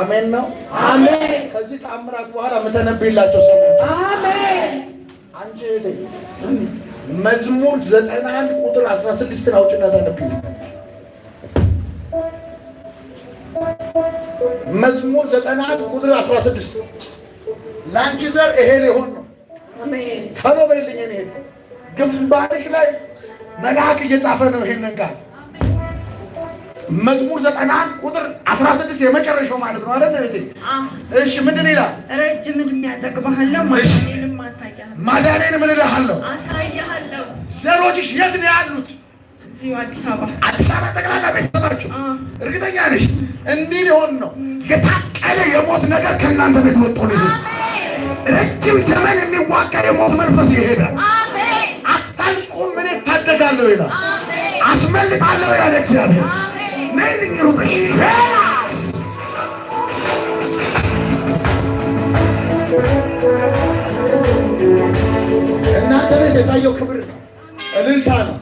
አሜን ነው። አሜን። ከዚህ ተአምራት በኋላ የምተነብይላቸው ሰው አሜን። አንቺ መዝሙር ዘጠና አንድ ቁጥር አስራ ስድስትን አውጭና ተነብይ። መዝሙር ዘጠና አንድ ቁጥር አስራ ስድስት ለአንቺ ዘር ይሄ ሊሆን ነው። ተሎ በይልኝ። ግንባርሽ ላይ መልአክ እየጻፈ ነው ይሄንን ቃል መዝሙር ዘጠና አንድ ቁጥር አስራ ስድስት የመጨረሻው ማለት ነው አይደል? እህቴ እሺ፣ ምንድን ይላል? ረጅም እድሜ ያጠግብሃለሁ፣ ማዳኔንም አሳያለሁ። ማዳኔን ምን እልሃለሁ? አሳያለሁ። ዘሮችሽ የት ነው ያሉት? እዚሁ አዲስ አበባ። አዲስ አበባ ጠቅላላ ቤተሰባችሁ። እርግጠኛ ነሽ? እንዲህ ሊሆን ነው። የታቀለ የሞት ነገር ከእናንተ ቤት ወጥቶ ልጅ ረጅም ዘመን የሚዋቀር የሞት መንፈስ ይሄዳል። አታልቁም፣ ምን እታደጋለሁ ይላል። አስመልጣለሁ ይላል እግዚአብሔር meaning of እናንተ ላይ የታየው ክብር ነው፣ እልልታ ነው።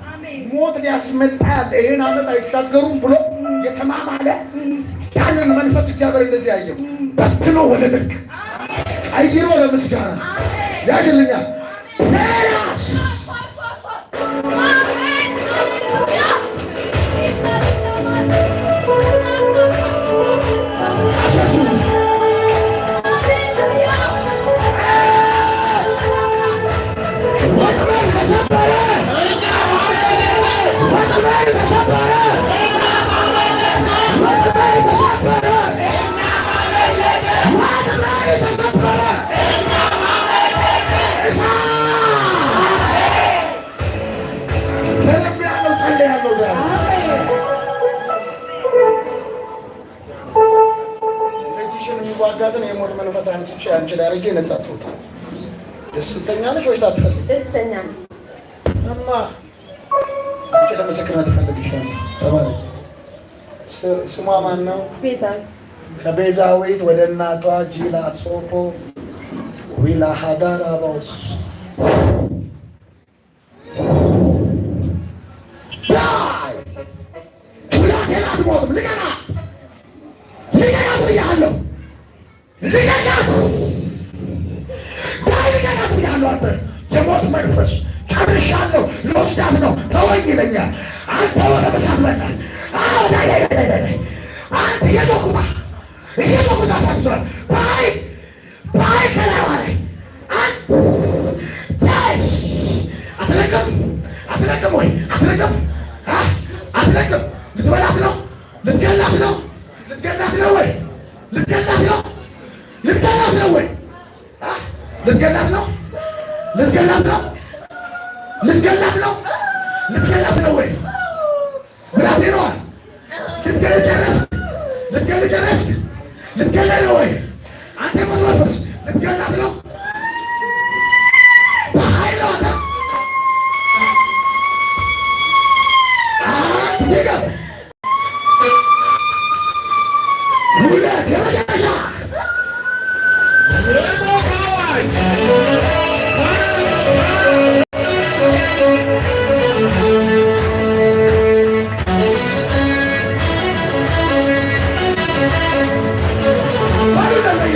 ሞት ሊያስመጣ ያለ ይህን ዓመት አይሻገሩም ብሎ የተማማለ ያንን መንፈስ እግዚአብሔር እንደዚህ ያየው በትኖ ወደ ልክ ቀይሮ ለምስጋና ያድልኛል የሚዋጋትን የሞት መንፈስ አንስቼ አንቺ ላይ አድርጌ ነጻ ትወጣል። ደስተኛ ነሽ ወይስ አትፈልጊም? ደስተኛ ነኝ እማ። አንቺ ለምስክርነት ትፈልግሻል። ሰማሪ ስሟ ማን ነው? ቤዛ ከቤዛዊት ወደ እናቷ ጂላ ሶፖ ዊላ ሀዳራ ሮስ ሞትም ልቀና ልቀና ብያለሁ ልቀቃት፣ ልቀቃት እያሉ አንተ የሞት መንፈስ ጨርሻለሁ፣ ልወስዳት ነው ተወኝ ይለኛል። አንተ ወደ ምሳት መጣል አንተ እየጮኩታ እየጮኩታ ሳትዝረን በሀይ በሀይ ከላባ ላይ አትለቅም፣ አትለቅም ወይ አትለቅም፣ አትለቅም። ልትበላት ነው፣ ልትገላት ነው፣ ልትገላት ነው ወይ ልትገላት ነው ልትገላት ነው ወይ? ልትገላት ነው? ልትገላት ነው? ልትገላት ነው? ልትገላት ነው ወይ? ብላት ልትገል ጨረስክ? ልትገል ጨረስክ? ልትገላት ነው ወይ? አንተ መጥመጥስ ልትገላት ነው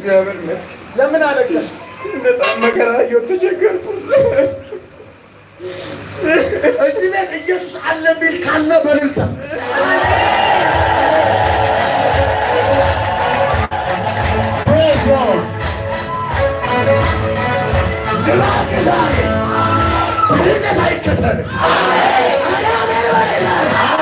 እግዚአብሔር ይመስገን። ለምን አለቀሽ? በጣም መከራ ተቸገርኩ። እዚህ ቤት ኢየሱስ አለ ቢል ካለ በልታ አይከተልም